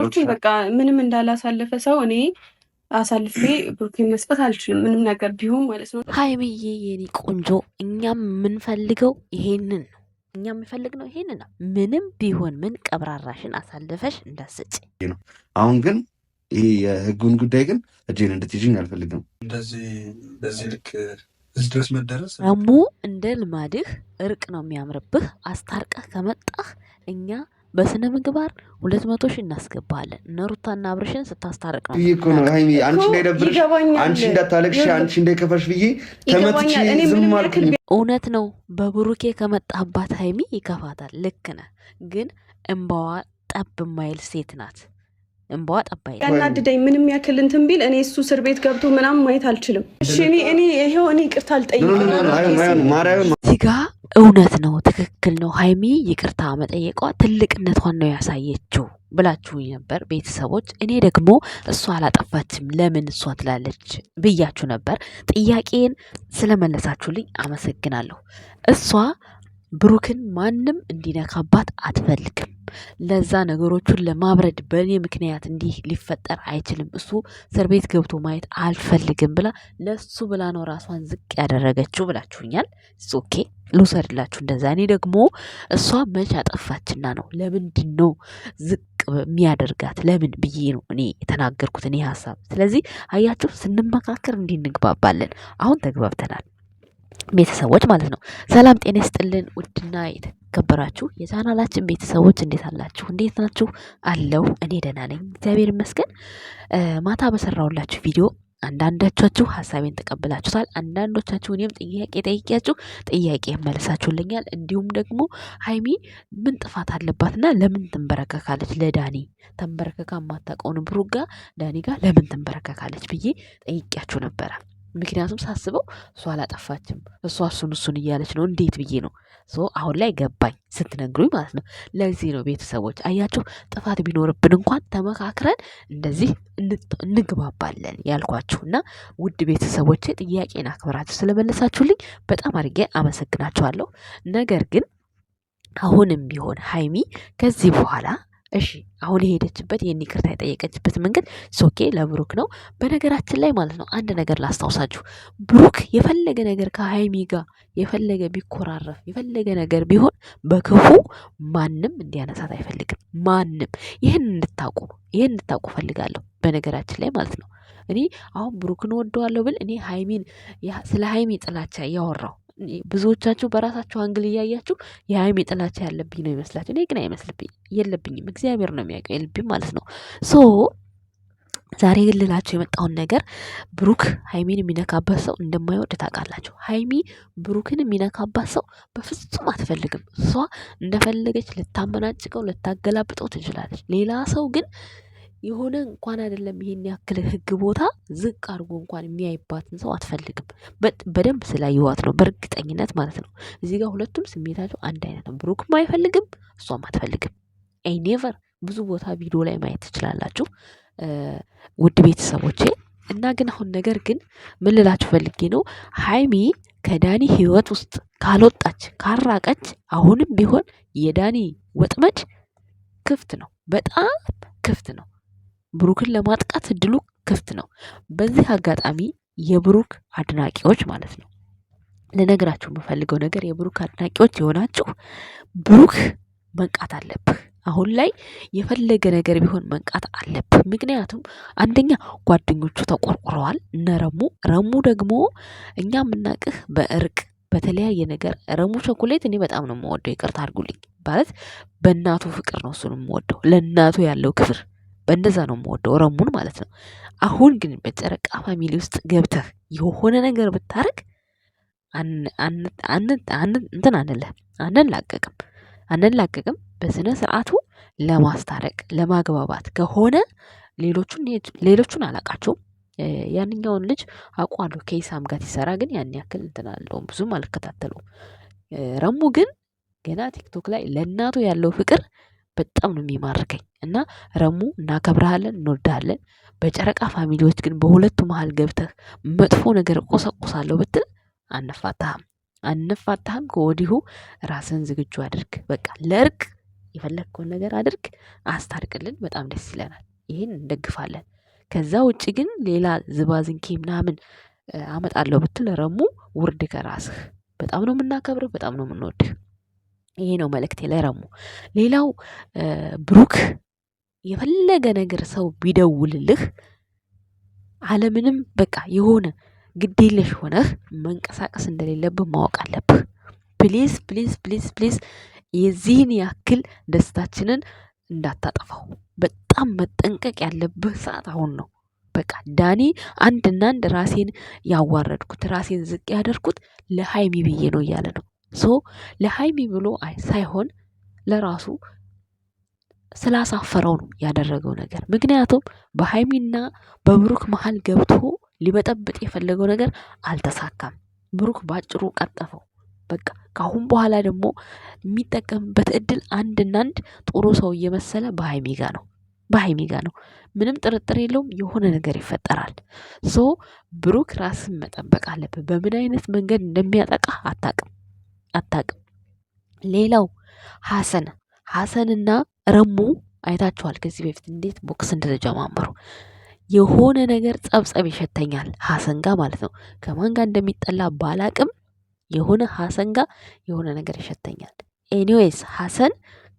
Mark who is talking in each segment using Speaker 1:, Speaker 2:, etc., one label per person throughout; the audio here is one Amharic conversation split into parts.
Speaker 1: ብሩኬ በቃ ምንም እንዳላሳለፈ ሰው እኔ አሳልፌ ብሩኬ መስጠት አልችልም፣ ምንም ነገር ቢሆን ማለት ነው።
Speaker 2: ሀይሚዬ የኔ ቆንጆ፣ እኛም የምንፈልገው ይሄንን ነው። እኛ ነው ይሄንን ነው። ምንም ቢሆን ምን ቀብራራሽን አሳልፈሽ እንዳሰጭ
Speaker 3: ነው። አሁን ግን ይህ የህጉን ጉዳይ ግን እጄን እንድትይዥኝ አልፈልግም።
Speaker 4: በዚህ ልክ እዚህ ድረስ መደረስ
Speaker 2: ደግሞ እንደ ልማድህ እርቅ ነው የሚያምርብህ። አስታርቀህ ከመጣህ እኛ በስነ ምግባር ሁለት መቶ ሺህ እናስገባለን። እነ ሩታና አብርሽን ስታስታርቅ
Speaker 3: ነው እኮ ነው ሀይሚ፣ አንቺ እንዳይደብርሽ፣ አንቺ እንዳታለቅሽ፣ አንቺ እንዳይከፋሽ ብዬ ተመትቼ ዝም አልኩኝ።
Speaker 2: እውነት ነው በብሩኬ ከመጣባት ሀይሚ ይከፋታል። ልክ ነህ። ግን እምባዋ ጠብ የማይል ሴት ናት። እንባዋ ጠባይ
Speaker 1: ያናድደኝ ምንም ያክል እንትን ቢል እኔ እሱ እስር ቤት ገብቶ ምናምን ማየት አልችልም። እሺ እኔ እኔ ይሄው እኔ ይቅርታ
Speaker 3: አልጠይቅም።
Speaker 2: ጋ እውነት ነው፣ ትክክል ነው። ሀይሚ ይቅርታ መጠየቋ ትልቅነቷን ነው ያሳየችው ብላችሁኝ ነበር ቤተሰቦች። እኔ ደግሞ እሷ አላጠፋችም ለምን እሷ ትላለች ብያችሁ ነበር። ጥያቄን ስለመለሳችሁልኝ አመሰግናለሁ። እሷ ብሩክን ማንም እንዲነካባት አትፈልግም። ለዛ ነገሮቹን ለማብረድ በእኔ ምክንያት እንዲህ ሊፈጠር አይችልም፣ እሱ እስር ቤት ገብቶ ማየት አልፈልግም ብላ ለሱ ብላ ነው ራሷን ዝቅ ያደረገችው ብላችሁኛል። ኦኬ ልውሰድላችሁ እንደዛ። እኔ ደግሞ እሷ መች አጠፋችና ነው ለምንድን ነው ዝቅ የሚያደርጋት ለምን ብዬ ነው እኔ የተናገርኩት እኔ ሀሳብ። ስለዚህ አያችሁ ስንመካከር እንዲንግባባለን። አሁን ተግባብተናል። ቤተሰቦች ማለት ነው። ሰላም ጤና ይስጥልን ውድና የተከበራችሁ የቻናላችን ቤተሰቦች እንዴት አላችሁ? እንዴት ናችሁ? አለው እኔ ደህና ነኝ እግዚአብሔር ይመስገን። ማታ በሰራሁላችሁ ቪዲዮ አንዳንዶቻችሁ ሀሳቤን ተቀብላችሁታል። አንዳንዶቻችሁ እኔም ጥያቄ ጠይቄያችሁ ጥያቄ መልሳችሁልኛል። እንዲሁም ደግሞ ሀይሚ ምን ጥፋት አለባትና ለምን ትንበረከካለች? ለዳኒ ተንበረከካ ማታቀውን ብሩጋ ዳኒ ጋር ለምን ትንበረከካለች ብዬ ጠይቄያችሁ ነበረ። ምክንያቱም ሳስበው እሷ አላጠፋችም፣ እሷ እሱን እሱን እያለች ነው። እንዴት ብዬ ነው አሁን ላይ ገባኝ ስትነግሩኝ ማለት ነው። ለዚህ ነው ቤተሰቦች አያችሁ፣ ጥፋት ቢኖርብን እንኳን ተመካክረን እንደዚህ እንግባባለን ያልኳችሁ እና ውድ ቤተሰቦቼ ጥያቄን አክብራችሁ ስለመለሳችሁልኝ በጣም አድርጌ አመሰግናችኋለሁ። ነገር ግን አሁንም ቢሆን ሀይሚ ከዚህ በኋላ እሺ አሁን የሄደችበት ይህን ይቅርታ የጠየቀችበት መንገድ ሶኬ ለብሩክ ነው። በነገራችን ላይ ማለት ነው አንድ ነገር ላስታውሳችሁ፣ ብሩክ የፈለገ ነገር ከሀይሚ ጋር የፈለገ ቢኮራረፍ የፈለገ ነገር ቢሆን በክፉ ማንም እንዲያነሳት አይፈልግም። ማንም ይህን እንድታውቁ ይህን እንድታውቁ ፈልጋለሁ። በነገራችን ላይ ማለት ነው እኔ አሁን ብሩክን ወደዋለሁ ብል እኔ ሀይሚን ስለ ሀይሚ ጥላቻ እያወራው ብዙዎቻችሁ በራሳችሁ አንግል እያያችሁ የሀይሜ ጥላቻ ያለብኝ ነው ይመስላችሁ። እኔ ግን አይመስልብኝ የለብኝም። እግዚአብሔር ነው የሚያውቀው የልብኝ ማለት ነው። ሶ ዛሬ ግን ልላችሁ የመጣውን ነገር ብሩክ ሀይሚን የሚነካባት ሰው እንደማይወድ ታውቃላችሁ። ሀይሚ ብሩክን የሚነካባት ሰው በፍጹም አትፈልግም። እሷ እንደፈለገች ልታመናጭቀው ልታገላብጠው ትችላለች። ሌላ ሰው ግን የሆነ እንኳን አይደለም ይሄን ያክል ህግ ቦታ ዝቅ አድርጎ እንኳን የሚያይባትን ሰው አትፈልግም። በደንብ ስላየዋት ነው በእርግጠኝነት ማለት ነው። እዚህ ጋር ሁለቱም ስሜታቸው አንድ አይነት ነው። ብሩክም አይፈልግም እሷም አትፈልግም። አይ ኔቨር ብዙ ቦታ ቪዲዮ ላይ ማየት ትችላላችሁ። ውድ ቤተሰቦቼ እና ግን አሁን ነገር ግን ምን ልላችሁ ፈልጌ ነው ሀይሚ ከዳኒ ህይወት ውስጥ ካልወጣች ካራቀች፣ አሁንም ቢሆን የዳኒ ወጥመድ ክፍት ነው፣ በጣም ክፍት ነው። ብሩክን ለማጥቃት እድሉ ክፍት ነው። በዚህ አጋጣሚ የብሩክ አድናቂዎች ማለት ነው ልነግራችሁ የምፈልገው ነገር የብሩክ አድናቂዎች የሆናችሁ ብሩክ መንቃት አለብህ። አሁን ላይ የፈለገ ነገር ቢሆን መንቃት አለብህ። ምክንያቱም አንደኛ ጓደኞቹ ተቆርቁረዋል እነ ረሙ ረሙ ደግሞ እኛ የምናቅህ በእርቅ በተለያየ ነገር ረሙ ቸኮሌት እኔ በጣም ነው የምወደው። ይቅርታ አድርጉልኝ ማለት በእናቱ ፍቅር ነው እሱን የምወደው ለእናቱ ያለው ክብር በእንደዛ ነው የምወደው ረሙን ማለት ነው። አሁን ግን በጨረቃ ፋሚሊ ውስጥ ገብተህ የሆነ ነገር ብታደርግ እንትን አንልህም አንላቀቅም አንላቀቅም በስነ ስርዓቱ ለማስታረቅ ለማግባባት ከሆነ ሌሎቹን አላቃቸውም። ያንኛውን ልጅ አውቀዋለሁ ከኢሳም ጋር ሲሰራ ግን ያን ያክል እንትን አለውም ብዙም አልከታተለውም። ረሙ ግን ገና ቲክቶክ ላይ ለእናቱ ያለው ፍቅር በጣም ነው የሚማርከኝ እና ረሙ እናከብረሃለን፣ እንወዳለን በጨረቃ ፋሚሊዎች ግን በሁለቱ መሀል ገብተህ መጥፎ ነገር እቆሰቁሳለሁ ብትል አንፋታህም አንፋታህም ከወዲሁ ራስን ዝግጁ አድርግ በቃ ለእርቅ የፈለግከውን ነገር አድርግ አስታርቅልን በጣም ደስ ይለናል ይህን እንደግፋለን። ከዛ ውጭ ግን ሌላ ዝባዝንኬ ምናምን አመጣለሁ ብትል ረሙ ውርድ ከራስህ በጣም ነው የምናከብርህ በጣም ነው የምንወድህ ይሄ ነው መልእክቴ ለረሙ። ሌላው ብሩክ የፈለገ ነገር ሰው ቢደውልልህ አለምንም በቃ የሆነ ግዴለሽ ሆነህ መንቀሳቀስ እንደሌለብህ ማወቅ አለብህ። ፕሊዝ ፕሊዝ ፕሊዝ ፕሊዝ የዚህን ያክል ደስታችንን እንዳታጠፋው። በጣም መጠንቀቅ ያለብህ ሰዓት አሁን ነው። በቃ ዳኒ አንድና አንድ ራሴን ያዋረድኩት ራሴን ዝቅ ያደርኩት ለሀይሚ ብዬ ነው እያለ ነው። ሶ ለሀይሚ ብሎ ሳይሆን ለራሱ ስላሳፈረው ነው ያደረገው ነገር። ምክንያቱም በሀይሚና በብሩክ መሀል ገብቶ ሊበጠብጥ የፈለገው ነገር አልተሳካም። ብሩክ ባጭሩ ቀጠፈው። በቃ ከአሁን በኋላ ደግሞ የሚጠቀምበት እድል አንድና አንድ ጥሩ ሰው እየመሰለ በሀይሚ ጋ ነው በሀይሚ ጋ ነው። ምንም ጥርጥር የለውም የሆነ ነገር ይፈጠራል። ሶ ብሩክ ራስን መጠበቅ አለብን። በምን አይነት መንገድ እንደሚያጠቃ አታቅም። አታውቅም። ሌላው ሀሰን ሀሰንና ረሙ አይታችኋል ከዚህ በፊት እንዴት ቦክስ እንደተጀማመሩ። የሆነ ነገር ጸብጸብ ይሸተኛል ሀሰን ጋር ማለት ነው። ከማን ጋር እንደሚጠላ ባላቅም የሆነ ሐሰን ጋር የሆነ ነገር ይሸተኛል። ኤኒዌይስ ሀሰን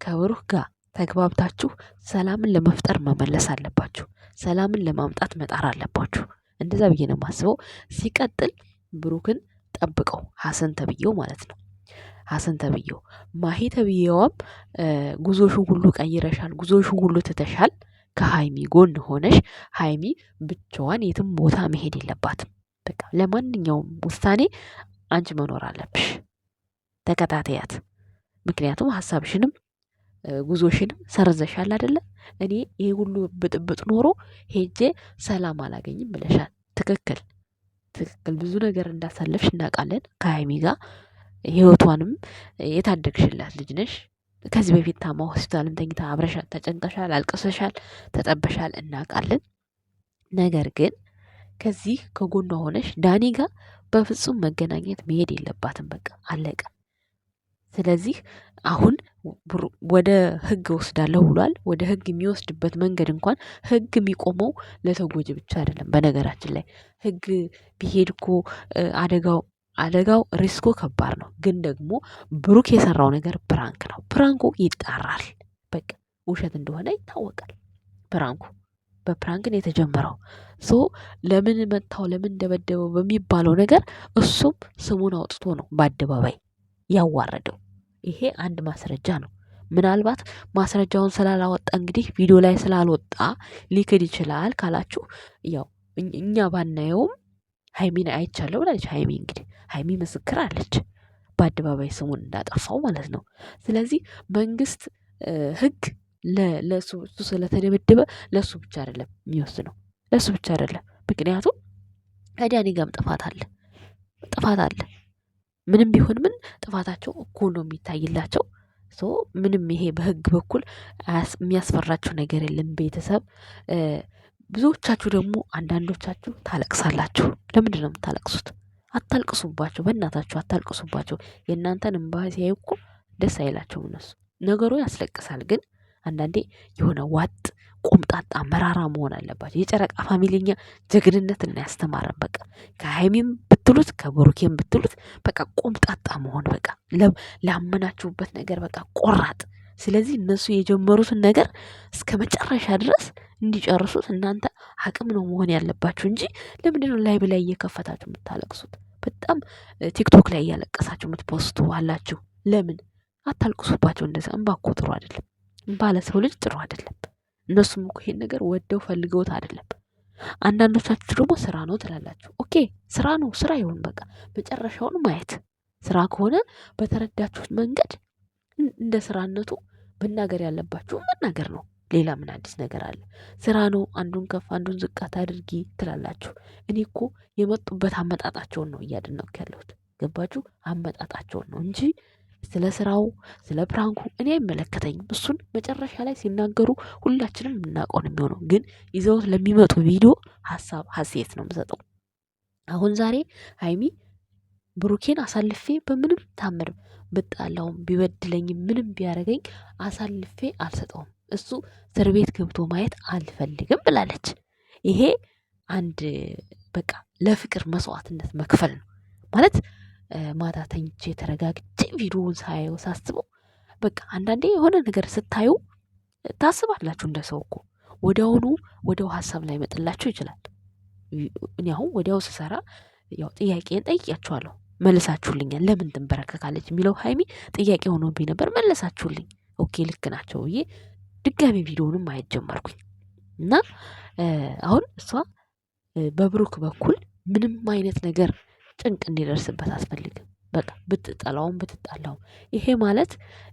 Speaker 2: ከብሩህ ጋር ተግባብታችሁ ሰላምን ለመፍጠር መመለስ አለባችሁ። ሰላምን ለማምጣት መጣር አለባችሁ። እንደዛ ብዬ ነው የማስበው። ሲቀጥል ብሩክን ጠብቀው ሀሰን ተብዬው ማለት ነው። ሀሰን ተብዬው ማሂ ተብዬዋም ጉዞሽን ሁሉ ቀይረሻል፣ ጉዞሽን ሁሉ ትተሻል፣ ከሀይሚ ጎን ሆነሽ ሀይሚ ብቻዋን የትም ቦታ መሄድ የለባትም። በቃ ለማንኛውም ውሳኔ አንቺ መኖር አለብሽ። ተከታተያት። ምክንያቱም ሀሳብሽንም ጉዞሽንም ሰርዘሻል አይደለ? እኔ ይሄ ሁሉ ብጥብጥ ኖሮ ሄጄ ሰላም አላገኝም ብለሻል። ትክክል ትክክል። ብዙ ነገር እንዳሳለፍሽ እናውቃለን ከሀይሚ ጋር ህይወቷንም የታደግሽላት ልጅ ነሽ። ከዚህ በፊት ታማ ሆስፒታልም ተኝታ አብረሻል፣ ተጨንቀሻል፣ አልቅሰሻል፣ ተጠበሻል እናውቃለን። ነገር ግን ከዚህ ከጎኗ ሆነሽ ዳኒ ጋር በፍጹም መገናኘት መሄድ የለባትም። በቃ አለቀ። ስለዚህ አሁን ወደ ህግ ወስዳለሁ ብሏል። ወደ ህግ የሚወስድበት መንገድ እንኳን ህግ የሚቆመው ለተጎጂ ብቻ አይደለም። በነገራችን ላይ ህግ ቢሄድ እኮ አደጋው አደጋው ሪስኩ ከባድ ነው። ግን ደግሞ ብሩክ የሰራው ነገር ፕራንክ ነው። ፕራንኩ ይጣራል። በቃ ውሸት እንደሆነ ይታወቃል። ፕራንኩ በፕራንክን የተጀመረው ሶ ለምን መታው ለምን ደበደበው በሚባለው ነገር እሱም ስሙን አውጥቶ ነው በአደባባይ ያዋረደው። ይሄ አንድ ማስረጃ ነው። ምናልባት ማስረጃውን ስላላወጣ እንግዲህ ቪዲዮ ላይ ስላልወጣ ሊክድ ይችላል ካላችሁ ያው እኛ ባናየውም ሀይሚን አይቻለሁ ብላለች። ሀይሚ እንግዲህ ሀይሚ ምስክር አለች፣ በአደባባይ ስሙን እንዳጠፋው ማለት ነው። ስለዚህ መንግስት ህግ ለሱ ስለተደበደበ ለሱ ብቻ አይደለም የሚወስነው፣ ለሱ ብቻ አይደለም። ምክንያቱም ከዲያኔ ጋም ጥፋት አለ፣ ጥፋት አለ። ምንም ቢሆን ምን ጥፋታቸው እኩል ነው የሚታይላቸው። ምንም ይሄ በህግ በኩል የሚያስፈራቸው ነገር የለም። ቤተሰብ ብዙዎቻችሁ ደግሞ አንዳንዶቻችሁ ታለቅሳላችሁ። ለምንድን ነው የምታለቅሱት? አታልቅሱባቸው፣ በእናታችሁ አታልቅሱባቸው። የእናንተን እንባ ሲያዩ እኮ ደስ አይላቸውም እነሱ። ነገሩ ያስለቅሳል፣ ግን አንዳንዴ የሆነ ዋጥ ቆምጣጣ መራራ መሆን አለባቸው። የጨረቃ ፋሚሊኛ ጀግንነት እና ያስተማረን በቃ ከሀይሚም ብትሉት ከብሩኬም ብትሉት በቃ ቆምጣጣ መሆን በቃ ላመናችሁበት ነገር በቃ ቆራጥ ስለዚህ እነሱ የጀመሩትን ነገር እስከ መጨረሻ ድረስ እንዲጨርሱት እናንተ አቅም ነው መሆን ያለባችሁ እንጂ ለምንድነው ላይ ላይ እየከፈታችሁ የምታለቅሱት? በጣም ቲክቶክ ላይ እያለቀሳችሁ የምትፖስቱ አላችሁ። ለምን አታልቅሱባቸው? እንደዛ እንባ እኮ ጥሩ አይደለም። እንባ ለሰው ልጅ ጥሩ አይደለም። እነሱም እኮ ይሄን ነገር ወደው ፈልገውት አይደለም። አንዳንዶቻችሁ ደግሞ ስራ ነው ትላላችሁ። ኦኬ ስራ ነው፣ ስራ ይሁን በቃ መጨረሻውን ማየት ስራ ከሆነ በተረዳችሁት መንገድ እንደ ስራነቱ መናገር ያለባችሁ መናገር ነው። ሌላ ምን አዲስ ነገር አለ? ስራ ነው። አንዱን ከፍ አንዱን ዝቃት አድርጊ ትላላችሁ። እኔ እኮ የመጡበት አመጣጣቸውን ነው እያደነቅኩ ያለሁት። ገባችሁ? አመጣጣቸውን ነው እንጂ ስለ ስራው ስለ ፕራንኩ እኔ አይመለከተኝም። እሱን መጨረሻ ላይ ሲናገሩ ሁላችንም የምናውቀው ነው የሚሆነው። ግን ይዘውት ለሚመጡ ቪዲዮ ሀሳብ ሀሴት ነው የምሰጠው። አሁን ዛሬ ሀይሚ ብሩኬን አሳልፌ በምንም ታምርም ብጣላውም ቢበድለኝም ምንም ቢያደርገኝ አሳልፌ አልሰጠውም። እሱ እስር ቤት ገብቶ ማየት አልፈልግም ብላለች። ይሄ አንድ በቃ ለፍቅር መስዋዕትነት መክፈል ነው ማለት። ማታ ተኝቼ ተረጋግጬ ቪዲዮውን ሳየው ሳስበው በቃ አንዳንዴ የሆነ ነገር ስታዩ ታስባላችሁ እንደ ሰው እኮ ወዲያውኑ ወዲያው ሀሳብ ላይ መጥላችሁ ይችላል። እኔ አሁን ወዲያው ስሰራ ያው ጥያቄን ጠይቄያችኋለሁ መልሳችሁልኛል ለምን ትንበረከካለች የሚለው ሀይሚ ጥያቄ ሆኖብኝ ነበር። መለሳችሁልኝ። ኦኬ ልክ ናቸው ብዬ ድጋሚ ቪዲዮንም ማየት ጀመርኩኝ እና አሁን እሷ በብሩክ በኩል ምንም አይነት ነገር ጭንቅ እንዲደርስበት አስፈልግም በቃ ብትጠላውም ብትጣላውም ይሄ ማለት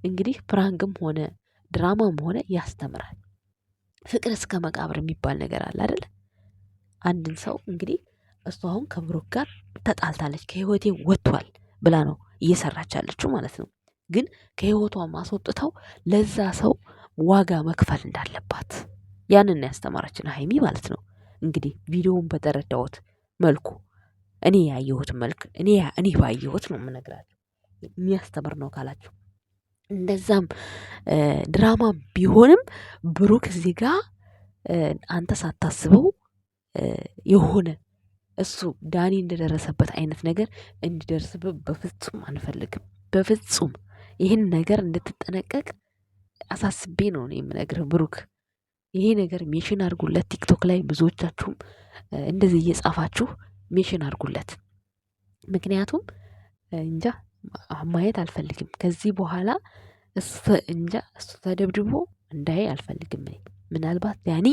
Speaker 2: እንግዲህ ፕራንግም ሆነ ድራማም ሆነ ያስተምራል። ፍቅር እስከ መቃብር የሚባል ነገር አለ አይደለ? አንድን ሰው እንግዲህ እሱ አሁን ከብሩክ ጋር ተጣልታለች ከህይወቴ ወጥቷል ብላ ነው እየሰራች ያለችው ማለት ነው። ግን ከህይወቷ ማስወጥተው ለዛ ሰው ዋጋ መክፈል እንዳለባት ያንን ያስተማረችን ሀይሚ ማለት ነው። እንግዲህ ቪዲዮውን በተረዳሁት መልኩ እኔ ያየሁት መልክ እኔ እኔ ባየሁት ነው የምነግራችሁ። የሚያስተምር ነው ካላችሁ እንደዛም ድራማ ቢሆንም ብሩክ እዚህ ጋር አንተ ሳታስበው የሆነ እሱ ዳኒ እንደደረሰበት አይነት ነገር እንዲደርስበት በፍጹም አንፈልግም። በፍጹም ይህን ነገር እንድትጠነቀቅ አሳስቤ ነው ነው የምነግርህ ብሩክ። ይሄ ነገር ሜሽን አድርጉለት። ቲክቶክ ላይ ብዙዎቻችሁም እንደዚህ እየጻፋችሁ ሜሽን አድርጉለት። ምክንያቱም እንጃ ማየት አልፈልግም ከዚህ በኋላ እንጃ እሱ ተደብድቦ እንዳይ አልፈልግም። ምናልባት ዳኒ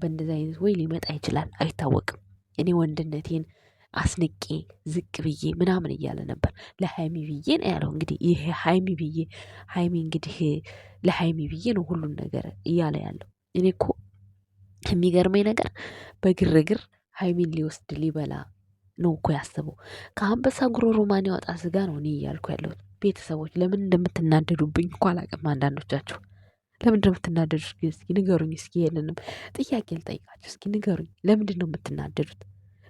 Speaker 2: በእንደዚህ አይነት ወይ ሊመጣ ይችላል፣ አይታወቅም። እኔ ወንድነቴን አስንቄ ዝቅ ብዬ ምናምን እያለ ነበር። ለሀይሚ ብዬ ነው ያለው። እንግዲህ ይሄ ሀይሚ ብዬ ሀይሚ እንግዲህ ለሀይሚ ብዬ ነው ሁሉን ነገር እያለ ያለው። እኔ እኮ የሚገርመኝ ነገር በግርግር ሀይሚን ሊወስድ ሊበላ ነው እኮ ያስበው። ከአንበሳ ጉሮሮ ማን ያወጣ ስጋ ነው እኔ እያልኩ ያለሁት። ቤተሰቦች ለምን እንደምትናደዱብኝ እኮ አላውቅም አንዳንዶቻችሁ ለምንድን ነው የምትናደዱት? እስኪ ንገሩኝ። እስኪ የለንም ጥያቄ ልጠይቃቸው። እስኪ ንገሩኝ፣ ለምንድን ነው የምትናደዱት?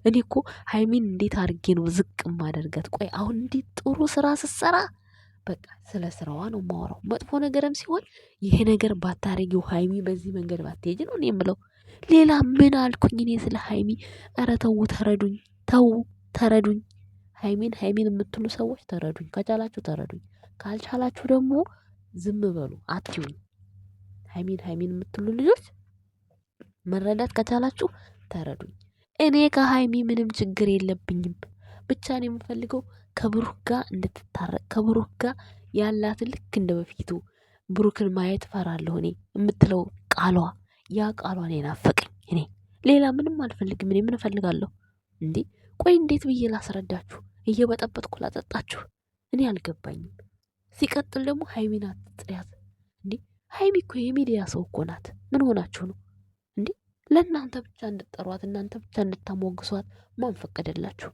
Speaker 2: እኔ እኮ ሀይሚን እንዴት አድርጌ ነው ዝቅ ማደርገት? ቆይ አሁን እንዴት ጥሩ ስራ ስትሰራ በቃ ስለ ስራዋ ነው ማውራው መጥፎ ነገርም ሲሆን ይሄ ነገር ባታረጊው ሀይሚ በዚህ መንገድ ባትሄጅ ነው እኔ የምለው። ሌላ ምን አልኩኝ እኔ ስለ ሀይሚ? ኧረ ተው ተረዱኝ፣ ተው ተረዱኝ። ሀይሚን ሀይሚን የምትሉ ሰዎች ተረዱኝ፣ ከቻላችሁ ተረዱኝ፣ ካልቻላችሁ ደግሞ ዝም በሉ አትዩኝ። ሀይሚን ሀይሚን የምትሉ ልጆች መረዳት ከቻላችሁ ተረዱኝ። እኔ ከሀይሚ ምንም ችግር የለብኝም። ብቻ ነው የምፈልገው ከብሩክ ጋር እንድትታረቅ፣ ከብሩክ ጋር ያላትን ልክ እንደ በፊቱ ብሩክን ማየት ፈራለሁ እኔ የምትለው ቃሏ፣ ያ ቃሏ እኔ ናፈቀኝ። እኔ ሌላ ምንም አልፈልግም። እኔ ምን እፈልጋለሁ እንዴ? ቆይ እንዴት ብዬ ላስረዳችሁ? እየበጠበጥኩ ላጠጣችሁ? እኔ አልገባኝም። ሲቀጥል ደግሞ ሀይሚን አትጥሪያት እንዴ! ሀይሚ እኮ የሚዲያ ሰው እኮ ናት። ምን ሆናችሁ ነው እንዴ? ለእናንተ ብቻ እንድጠሯት እናንተ ብቻ እንድታሞግሷት ማን ፈቀደላችሁ?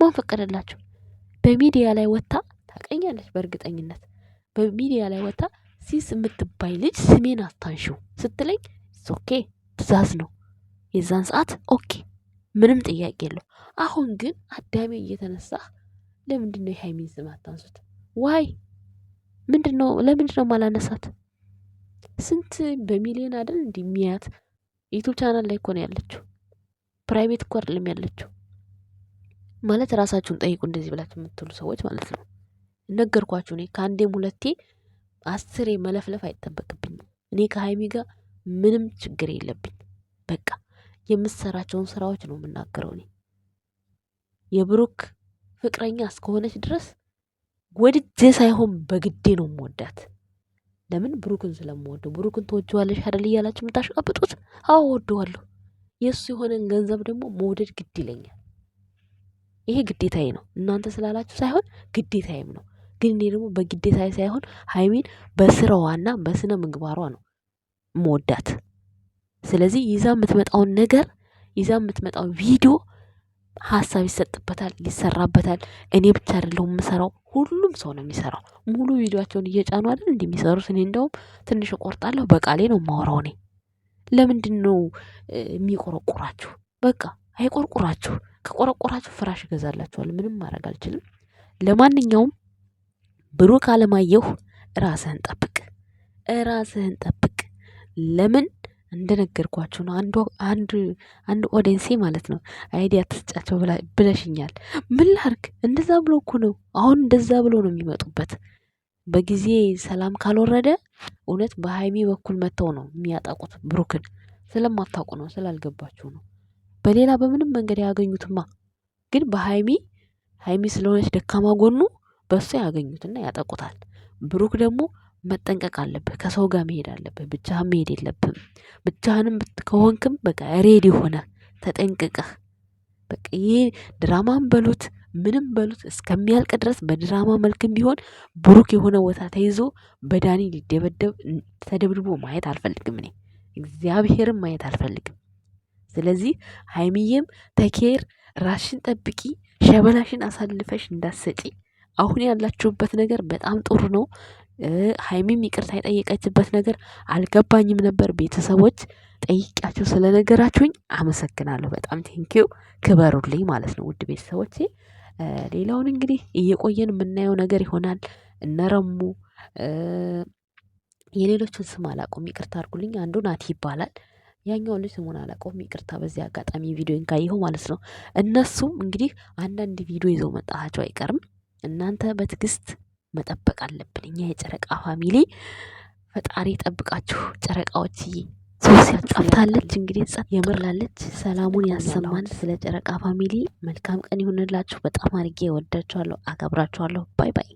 Speaker 2: ማን ፈቀደላችሁ? በሚዲያ ላይ ወታ ታቀኛለች። በእርግጠኝነት በሚዲያ ላይ ወታ ሲስ የምትባይ ልጅ ስሜን አታንሺው ስትለኝ ኦኬ ትዛዝ ነው የዛን ሰዓት ኦኬ ምንም ጥያቄ የለው። አሁን ግን አዳሜ እየተነሳ ለምንድን ነው የሀይሚን ስም አታንሱት? ዋይ ምንድን ነው ለምንድን ነው ማላነሳት? ስንት በሚሊዮን አይደል እንዴ የሚያት ዩቱብ ቻናል ላይ እኮ ነው ያለችው። ፕራይቬት እኮ አይደለም ያለችው። ማለት ራሳችሁን ጠይቁ፣ እንደዚህ ብላችሁ የምትሉ ሰዎች ማለት ነው። ነገርኳችሁ። እኔ ከአንዴም ሁለቴ አስሬ መለፍለፍ አይጠበቅብኝም። እኔ ከሀይሚ ጋር ምንም ችግር የለብኝ። በቃ የምሰራቸውን ስራዎች ነው የምናገረው። እኔ የብሩክ ፍቅረኛ እስከሆነች ድረስ ወድጄ ሳይሆን በግዴ ነው የምወዳት። ለምን ብሩክን ስለምወደው። ብሩክን ተወጅዋለሽ አደል እያላችሁ የምታሽቀብጡት አዎ ወደዋለሁ። የእሱ የሆነን ገንዘብ ደግሞ መውደድ ግድ ይለኛል። ይሄ ግዴታዬ ነው። እናንተ ስላላችሁ ሳይሆን ግዴታዬም ነው። ግን እኔ ደግሞ በግዴታዊ ሳይሆን ሀይሚን በስራዋና በስነ ምግባሯ ነው መወዳት። ስለዚህ ይዛ የምትመጣውን ነገር ይዛ የምትመጣው ቪዲዮ ሀሳብ ይሰጥበታል፣ ይሰራበታል። እኔ ብቻ አይደለሁም የምሰራው፣ ሁሉም ሰው ነው የሚሰራው። ሙሉ ቪዲዮቸውን እየጫኑ አይደል እንደሚሰሩት። እኔ እንደውም ትንሽ እቆርጣለሁ፣ በቃሌ ነው የማወራው። እኔ ለምንድን ነው የሚቆረቁራችሁ? በቃ አይቆርቁራችሁ። ከቆረቆራችሁ ፍራሽ ይገዛላችኋል። ምንም ማድረግ አልችልም። ለማንኛውም ብሩክ አለማየሁ ራስህን ጠብቅ፣ ራስህን ጠብቅ። ለምን እንደነገርኳችሁ ነው። አንዱ አንዱ ኦዲንሴ ማለት ነው አይዲያ አትስጫቸው ብለሽኛል። ምን ላርግ? እንደዛ ብሎ እኮ ነው አሁን እንደዛ ብሎ ነው የሚመጡበት። በጊዜ ሰላም ካልወረደ እውነት በሀይሚ በኩል መጥተው ነው የሚያጠቁት። ብሩክን ስለማታውቁ ነው፣ ስላልገባችሁ ነው። በሌላ በምንም መንገድ ያገኙትማ፣ ግን በሀይሚ ሀይሚ ስለሆነች ደካማ ጎኑ በእሱ ያገኙትና ያጠቁታል። ብሩክ ደግሞ መጠንቀቅ አለብህ። ከሰው ጋር መሄድ አለብህ። ብቻህን መሄድ የለብህም። ብቻህንም ከሆንክም በቃ ሬድ የሆነ ተጠንቅቀህ በቃ ይሄ ድራማን በሉት ምንም በሉት እስከሚያልቅ ድረስ በድራማ መልክም ቢሆን ብሩክ የሆነ ቦታ ተይዞ በዳኒ ሊደበደብ ተደብድቦ ማየት አልፈልግም። እኔ እግዚአብሔርም ማየት አልፈልግም። ስለዚህ ሀይሚዬም ተኬር ራሽን ጠብቂ፣ ሸበላሽን አሳልፈሽ እንዳትሰጪ። አሁን ያላችሁበት ነገር በጣም ጥሩ ነው። ሀይሚም ይቅርታ የጠየቀችበት ነገር አልገባኝም ነበር። ቤተሰቦች ጠይቂያቸው ስለነገራችሁኝ አመሰግናለሁ። በጣም ቴንኪው ክበሩልኝ ማለት ነው ውድ ቤተሰቦቼ። ሌላውን እንግዲህ እየቆየን የምናየው ነገር ይሆናል። እነረሙ የሌሎቹን ስም አላቆም ይቅርታ አድርጉልኝ። አንዱ ናቲ ይባላል። ያኛው ልጅ ስሙን አላውቀውም፣ ይቅርታ። በዚህ አጋጣሚ ቪዲዮን ካየኸው ማለት ነው። እነሱም እንግዲህ አንዳንድ ቪዲዮ ይዘው መጣታቸው አይቀርም። እናንተ በትዕግስት መጠበቅ አለብን። እኛ የጨረቃ ፋሚሊ ፈጣሪ ጠብቃችሁ ጨረቃዎች። ሶሲያ ጠፍታለች እንግዲህ ጸጥ የምርላለች። ሰላሙን ያሰማን። ስለ ጨረቃ ፋሚሊ መልካም ቀን ይሁንላችሁ። በጣም አድርጌ ወዳችኋለሁ፣ አከብራችኋለሁ። ባይ ባይ